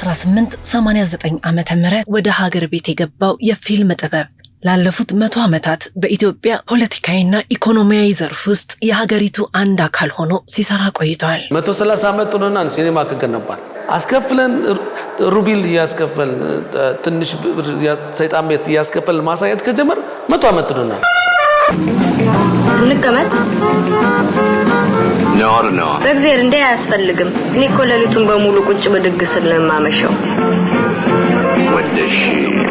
በ1889 ዓ ም ወደ ሀገር ቤት የገባው የፊልም ጥበብ ላለፉት መቶ ዓመታት በኢትዮጵያ ፖለቲካዊና ኢኮኖሚያዊ ዘርፍ ውስጥ የሀገሪቱ አንድ አካል ሆኖ ሲሰራ ቆይቷል። 130 ዓመት ሆኖናል። ሲኔማ ከገነባል አስከፍለን ሩቢል እያስከፈልን ትንሽ ሰይጣን ቤት እያስከፈልን ማሳየት ከጀመር መቶ ዓመት ሆኖናል። ልቀመጥ ነውር ነው። በእግዚአብሔር እንዴ አያስፈልግም። እኔ እኮ ሌሊቱን በሙሉ ቁጭ ብድግ ስል ነው የማመሸው። ወደሽ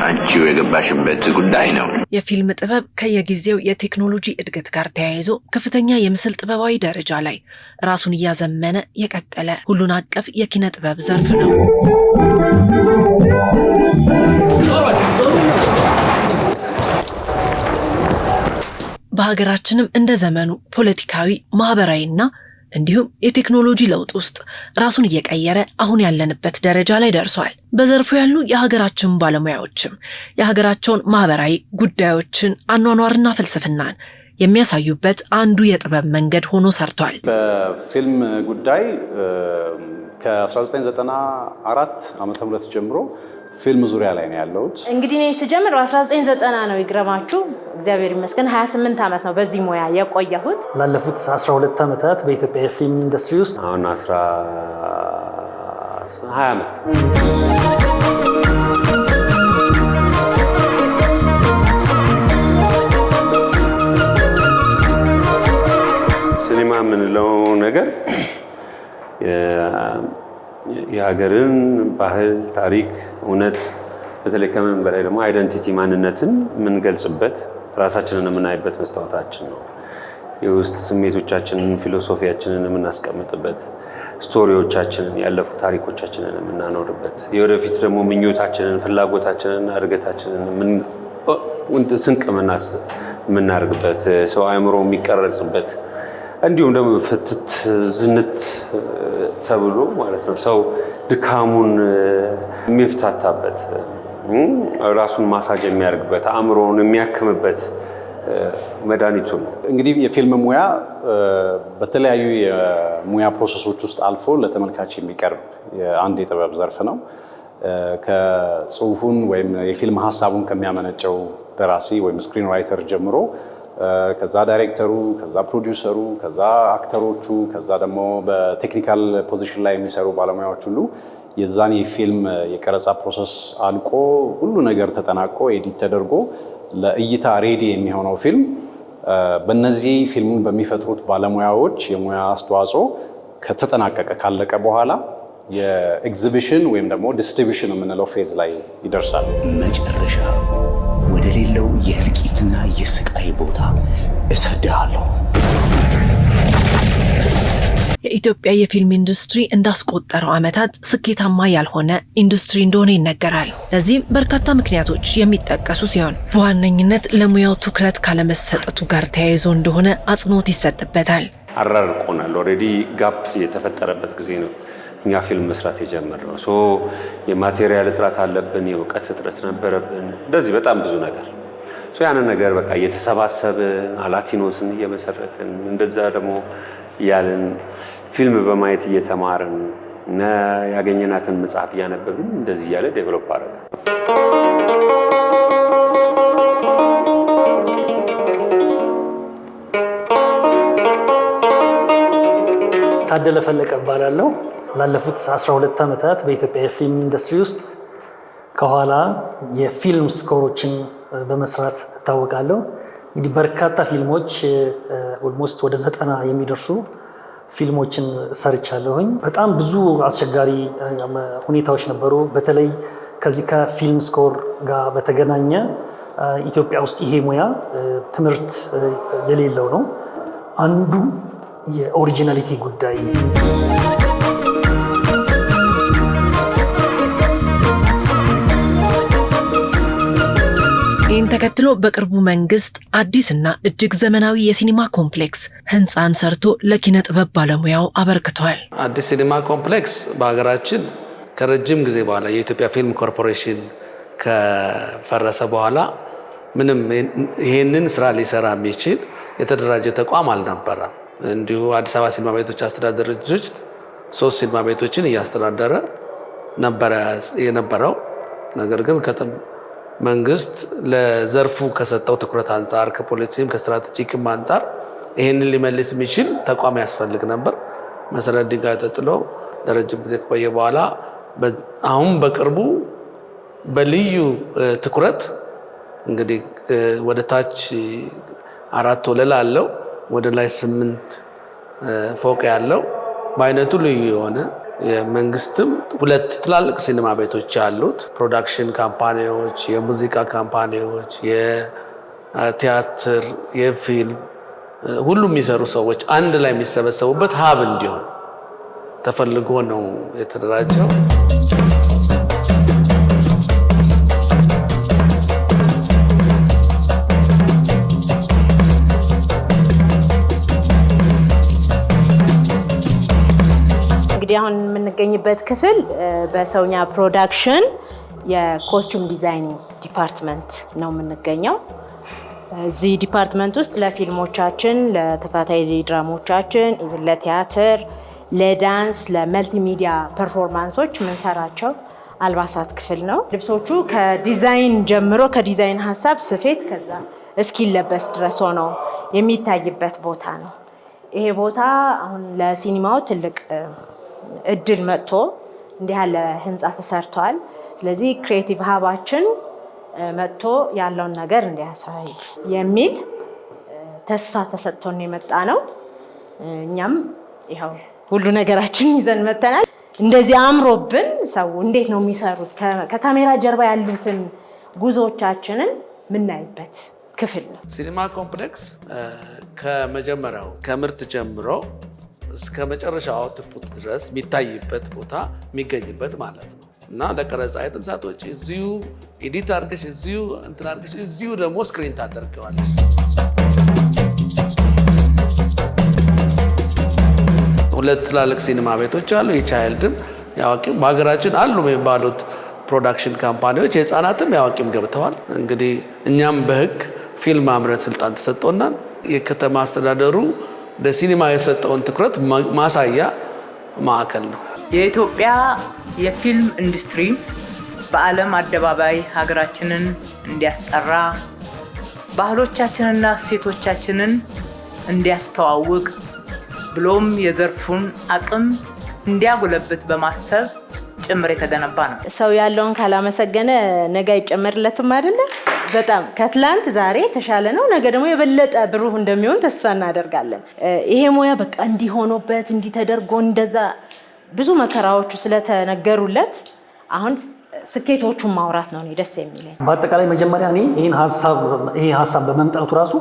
አንቺው የገባሽበት ጉዳይ ነው። የፊልም ጥበብ ከየጊዜው የቴክኖሎጂ እድገት ጋር ተያይዞ ከፍተኛ የምስል ጥበባዊ ደረጃ ላይ ራሱን እያዘመነ የቀጠለ ሁሉን አቀፍ የኪነ ጥበብ ዘርፍ ነው። በሀገራችንም እንደ ዘመኑ ፖለቲካዊ፣ ማህበራዊና እንዲሁም የቴክኖሎጂ ለውጥ ውስጥ ራሱን እየቀየረ አሁን ያለንበት ደረጃ ላይ ደርሷል። በዘርፉ ያሉ የሀገራችን ባለሙያዎችም የሀገራቸውን ማህበራዊ ጉዳዮችን አኗኗርና ፍልስፍናን የሚያሳዩበት አንዱ የጥበብ መንገድ ሆኖ ሰርቷል። በፊልም ጉዳይ ከ1994 ም ጀምሮ ፊልም ዙሪያ ላይ ነው ያለሁት። እንግዲህ እኔ ስጀምር 1990 ነው ይግረማችሁ። እግዚአብሔር ይመስገን 28 ዓመት ነው በዚህ ሙያ የቆየሁት። ላለፉት 12 ዓመታት በኢትዮጵያ የፊልም ኢንዱስትሪ ውስጥ አሁን 20 ዓመት ሲኒማ የምንለው ነገር የሀገርን ባህል ታሪክ እውነት በተለይ ከምን በላይ ደግሞ አይደንቲቲ ማንነትን የምንገልጽበት ራሳችንን የምናይበት መስታወታችን ነው። የውስጥ ስሜቶቻችንን፣ ፊሎሶፊያችንን የምናስቀምጥበት፣ ስቶሪዎቻችንን፣ ያለፉ ታሪኮቻችንን የምናኖርበት፣ የወደፊት ደግሞ ምኞታችንን፣ ፍላጎታችንን፣ እድገታችንን ስንቅ የምናደርግበት ሰው አእምሮ የሚቀረጽበት እንዲሁም ደግሞ ፍትት ዝንት ተብሎ ማለት ነው ሰው ድካሙን የሚፍታታበት ራሱን ማሳጅ የሚያደርግበት አእምሮውን የሚያክምበት መድኃኒቱ ነው። እንግዲህ የፊልም ሙያ በተለያዩ የሙያ ፕሮሰሶች ውስጥ አልፎ ለተመልካች የሚቀርብ አንድ የጥበብ ዘርፍ ነው። ከጽሁፉን ወይም የፊልም ሀሳቡን ከሚያመነጨው ደራሲ ወይም ስክሪን ራይተር ጀምሮ ከዛ ዳይሬክተሩ፣ ከዛ ፕሮዲውሰሩ፣ ከዛ አክተሮቹ፣ ከዛ ደግሞ በቴክኒካል ፖዚሽን ላይ የሚሰሩ ባለሙያዎች ሁሉ የዛን የፊልም የቀረጻ ፕሮሰስ አልቆ ሁሉ ነገር ተጠናቆ ኤዲት ተደርጎ ለእይታ ሬዲ የሚሆነው ፊልም በነዚህ ፊልሙን በሚፈጥሩት ባለሙያዎች የሙያ አስተዋጽኦ ከተጠናቀቀ ካለቀ በኋላ የኤግዚቢሽን ወይም ደግሞ ዲስትሪቢሽን የምንለው ፌዝ ላይ ይደርሳል መጨረሻ ወደሌለው የእልቂትና የስቃይ ቦታ እሰድሃለሁ። የኢትዮጵያ የፊልም ኢንዱስትሪ እንዳስቆጠረው ዓመታት ስኬታማ ያልሆነ ኢንዱስትሪ እንደሆነ ይነገራል። ለዚህም በርካታ ምክንያቶች የሚጠቀሱ ሲሆን በዋነኝነት ለሙያው ትኩረት ካለመሰጠቱ ጋር ተያይዞ እንደሆነ አጽንኦት ይሰጥበታል። አራርቆናል። ኦልሬዲ ጋፕ የተፈጠረበት ጊዜ ነው። እኛ ፊልም መስራት የጀመርነው። ሶ የማቴሪያል እጥረት አለብን፣ የእውቀት እጥረት ነበረብን፣ እንደዚህ በጣም ብዙ ነገር ያንን ነገር በቃ እየተሰባሰብን አላቲኖስን እየመሰረትን እንደዛ ደግሞ ያልን ፊልም በማየት እየተማርን ያገኘናትን መጽሐፍ እያነበብን እንደዚህ እያለ ዴቨሎፕ አረገ ታደለ ፈለቀ እባላለሁ። ላለፉት 12 ዓመታት በኢትዮጵያ የፊልም ኢንዱስትሪ ውስጥ ከኋላ የፊልም ስኮሮችን በመስራት እታወቃለሁ። እንግዲህ በርካታ ፊልሞች ኦልሞስት ወደ ዘጠና የሚደርሱ ፊልሞችን ሰርቻለሁኝ። በጣም ብዙ አስቸጋሪ ሁኔታዎች ነበሩ። በተለይ ከዚህ ከፊልም ስኮር ጋር በተገናኘ ኢትዮጵያ ውስጥ ይሄ ሙያ ትምህርት የሌለው ነው። አንዱ የኦሪጂናሊቲ ጉዳይ ተከትሎ በቅርቡ መንግስት አዲስና እጅግ ዘመናዊ የሲኒማ ኮምፕሌክስ ህንፃን ሰርቶ ለኪነ ጥበብ ባለሙያው አበርክቷል። አዲስ ሲኒማ ኮምፕሌክስ በሀገራችን ከረጅም ጊዜ በኋላ የኢትዮጵያ ፊልም ኮርፖሬሽን ከፈረሰ በኋላ ምንም ይህንን ስራ ሊሰራ የሚችል የተደራጀ ተቋም አልነበረም። እንዲሁ አዲስ አበባ ሲኒማ ቤቶች አስተዳደር ድርጅት ሶስት ሲኒማ ቤቶችን እያስተዳደረ ነበረ የነበረው ነገር ግን መንግስት ለዘርፉ ከሰጠው ትኩረት አንጻር ከፖሊሲም ከስትራቴጂክም አንጻር ይህንን ሊመልስ የሚችል ተቋም ያስፈልግ ነበር። መሰረት ድንጋይ ተጥሎ ለረጅም ጊዜ ከቆየ በኋላ አሁን በቅርቡ በልዩ ትኩረት እንግዲህ ወደ ታች አራት ወለል አለው፣ ወደ ላይ ስምንት ፎቅ ያለው በአይነቱ ልዩ የሆነ የመንግስትም ሁለት ትላልቅ ሲኒማ ቤቶች ያሉት ፕሮዳክሽን ካምፓኒዎች፣ የሙዚቃ ካምፓኒዎች፣ የቲያትር፣ የፊልም ሁሉም የሚሰሩ ሰዎች አንድ ላይ የሚሰበሰቡበት ሀብ እንዲሆን ተፈልጎ ነው የተደራጀው። የምንገኝበት ክፍል በሰውኛ ፕሮዳክሽን የኮስቱም ዲዛይን ዲፓርትመንት ነው የምንገኘው። እዚህ ዲፓርትመንት ውስጥ ለፊልሞቻችን፣ ለተከታታይ ድራሞቻችን፣ ለቲያትር፣ ለዳንስ፣ ለመልቲሚዲያ ፐርፎርማንሶች የምንሰራቸው አልባሳት ክፍል ነው። ልብሶቹ ከዲዛይን ጀምሮ ከዲዛይን ሀሳብ ስፌት፣ ከዛ እስኪለበስ ድረስ ሆነው የሚታይበት ቦታ ነው። ይሄ ቦታ አሁን ለሲኒማው ትልቅ እድል መጥቶ እንዲህ ያለ ህንፃ ተሰርተዋል። ስለዚህ ክሬቲቭ ሀባችን መጥቶ ያለውን ነገር እንዲያሳይ የሚል ተስፋ ተሰጥቶን የመጣ ነው። እኛም ይኸው ሁሉ ነገራችን ይዘን መተናል። እንደዚህ አምሮብን ሰው እንዴት ነው የሚሰሩት ከካሜራ ጀርባ ያሉትን ጉዞዎቻችንን የምናይበት ክፍል ነው። ሲኒማ ኮምፕሌክስ ከመጀመሪያው ከምርት ጀምሮ እስከ መጨረሻው አውትፑት ድረስ የሚታይበት ቦታ የሚገኝበት ማለት ነው እና ለቀረጻ የትም ሳትወጪ እዚሁ ኤዲት አድርገሽ እዚሁ እንትን አድርገሽ እዚሁ ደግሞ ስክሪን ታደርገዋለሽ። ሁለት ትላልቅ ሲኒማ ቤቶች አሉ፣ የቻይልድም የአዋቂም በሀገራችን አሉ የሚባሉት ፕሮዳክሽን ካምፓኒዎች የህፃናትም የአዋቂም ገብተዋል። እንግዲህ እኛም በህግ ፊልም ማምረት ስልጣን ተሰጥቶናል። የከተማ አስተዳደሩ ለሲኒማ የተሰጠውን ትኩረት ማሳያ ማዕከል ነው። የኢትዮጵያ የፊልም ኢንዱስትሪ በዓለም አደባባይ ሀገራችንን እንዲያስጠራ ባህሎቻችንና እሴቶቻችንን እንዲያስተዋውቅ ብሎም የዘርፉን አቅም እንዲያጎለብት በማሰብ ጭምር የተገነባ ነው። ሰው ያለውን ካላመሰገነ ነገ አይጨመርለትም አይደለ? በጣም ከትላንት ዛሬ የተሻለ ነው። ነገ ደግሞ የበለጠ ብሩህ እንደሚሆን ተስፋ እናደርጋለን። ይሄ ሙያ በቃ እንዲሆኖበት እንዲተደርጎ እንደዛ ብዙ መከራዎቹ ስለተነገሩለት አሁን ስኬቶቹን ማውራት ነው ደስ የሚለኝ። በአጠቃላይ መጀመሪያ እኔ ይህ ሀሳብ በመምጣቱ ራሱ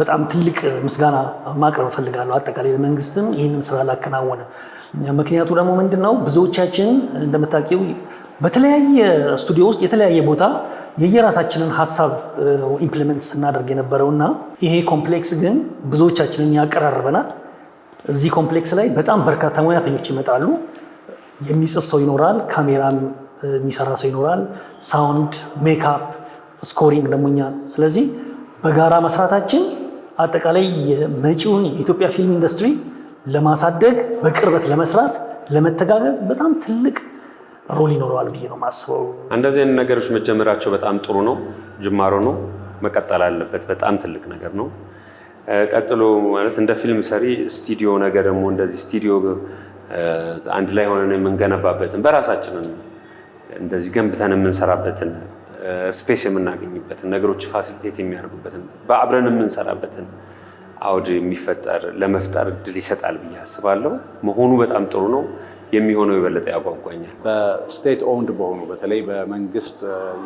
በጣም ትልቅ ምስጋና ማቅረብ እፈልጋለሁ። አጠቃላይ መንግስትም ይህንን ስራ ላከናወነ ምክንያቱ ደግሞ ምንድን ነው? ብዙዎቻችን እንደምታውቂው በተለያየ ስቱዲዮ ውስጥ የተለያየ ቦታ የየራሳችንን ሀሳብ ኢምፕሊመንት ስናደርግ የነበረው እና ይሄ ኮምፕሌክስ ግን ብዙዎቻችንን ያቀራርበናል። እዚህ ኮምፕሌክስ ላይ በጣም በርካታ ሙያተኞች ይመጣሉ። የሚጽፍ ሰው ይኖራል፣ ካሜራም የሚሰራ ሰው ይኖራል፣ ሳውንድ፣ ሜካፕ፣ ስኮሪንግ ደግሞ እኛ። ስለዚህ በጋራ መስራታችን አጠቃላይ የመጪውን የኢትዮጵያ ፊልም ኢንዱስትሪ ለማሳደግ በቅርበት ለመስራት ለመተጋገዝ በጣም ትልቅ ሮል ይኖረዋል ብዬ ነው ማስበው። እንደዚህ አይነት ነገሮች መጀመራቸው በጣም ጥሩ ነው፣ ጅማሮ ነው፣ መቀጠል አለበት። በጣም ትልቅ ነገር ነው። ቀጥሎ ማለት እንደ ፊልም ሰሪ ስቱዲዮ ነገር ደግሞ እንደዚህ ስቱዲዮ አንድ ላይ ሆነን የምንገነባበትን በራሳችንን እንደዚህ ገንብተን የምንሰራበትን ስፔስ የምናገኝበትን ነገሮች ፋሲሊቴት የሚያደርጉበትን በአብረን የምንሰራበትን አውድ የሚፈጠር ለመፍጠር እድል ይሰጣል ብዬ አስባለሁ። መሆኑ በጣም ጥሩ ነው። የሚሆነው የበለጠ ያጓጓኛል። በስቴት ኦውንድ በሆኑ በተለይ በመንግስት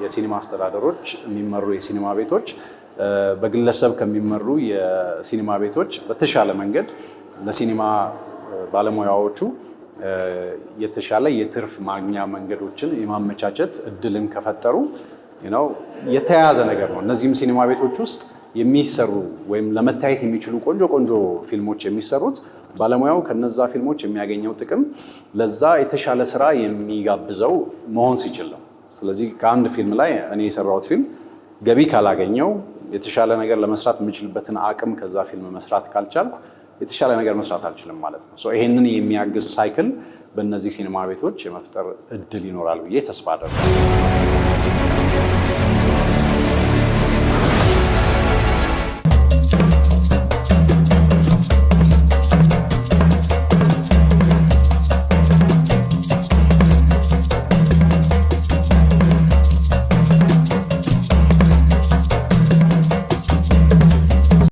የሲኒማ አስተዳደሮች የሚመሩ የሲኒማ ቤቶች በግለሰብ ከሚመሩ የሲኒማ ቤቶች በተሻለ መንገድ ለሲኒማ ባለሙያዎቹ የተሻለ የትርፍ ማግኛ መንገዶችን የማመቻቸት እድልን ከፈጠሩ የተያያዘ ነገር ነው። እነዚህም ሲኒማ ቤቶች ውስጥ የሚሰሩ ወይም ለመታየት የሚችሉ ቆንጆ ቆንጆ ፊልሞች የሚሰሩት ባለሙያው ከነዛ ፊልሞች የሚያገኘው ጥቅም ለዛ የተሻለ ስራ የሚጋብዘው መሆን ሲችል ነው። ስለዚህ ከአንድ ፊልም ላይ እኔ የሰራሁት ፊልም ገቢ ካላገኘው የተሻለ ነገር ለመስራት የምችልበትን አቅም ከዛ ፊልም መስራት ካልቻልኩ የተሻለ ነገር መስራት አልችልም ማለት ነው። ይሄንን የሚያግዝ ሳይክል በእነዚህ ሲኒማ ቤቶች የመፍጠር እድል ይኖራል ብዬ ተስፋ አደርጋለሁ።